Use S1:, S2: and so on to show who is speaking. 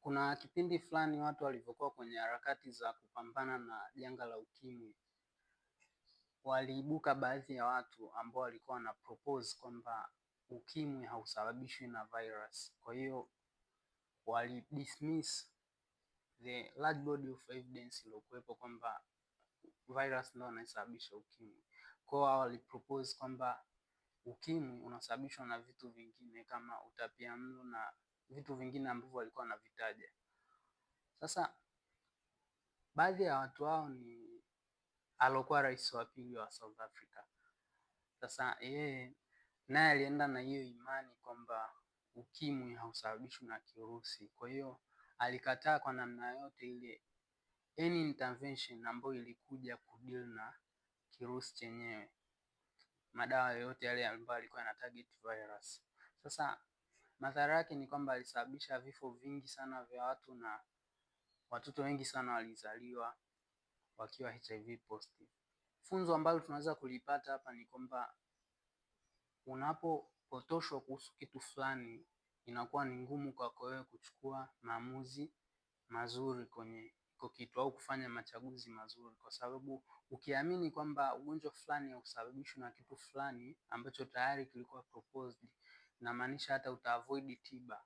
S1: Kuna kipindi fulani watu walivyokuwa kwenye harakati za kupambana na janga la ukimwi, waliibuka baadhi ya watu ambao walikuwa wana propose kwamba ukimwi hausababishwi na virus. Kwa hiyo wali dismiss the large body of evidence iliyokuwepo kwamba virus ndio anasababisha ukimwi. Kwa hiyo wali propose kwamba ukimwi unasababishwa na vitu vingine kama utapia na vitu vingine ambavyo walikuwa wanavitaja. Sasa baadhi ya watu hao ni alokuwa rais wa pili wa South Africa. Sasa yeye naye alienda na hiyo imani kwamba ukimwi hausababishwi na kirusi, kwa hiyo alikataa kwa namna yote ile any intervention ambayo ilikuja kudeal na kirusi chenyewe, madawa yoyote yale ambayo alikuwa ana target virus. Sasa Madhara yake ni kwamba alisababisha vifo vingi sana vya watu na watoto wengi sana walizaliwa wakiwa HIV positive. Funzo ambalo tunaweza kulipata hapa ni kwamba unapopotoshwa kuhusu kitu fulani inakuwa ni ngumu kwako wewe kuchukua maamuzi mazuri kwenye iko kitu au kufanya machaguzi mazuri, kwa sababu ukiamini kwamba ugonjwa fulani hausababishwi na kitu fulani ambacho tayari kilikuwa proposed inamaanisha hata utaavoid tiba.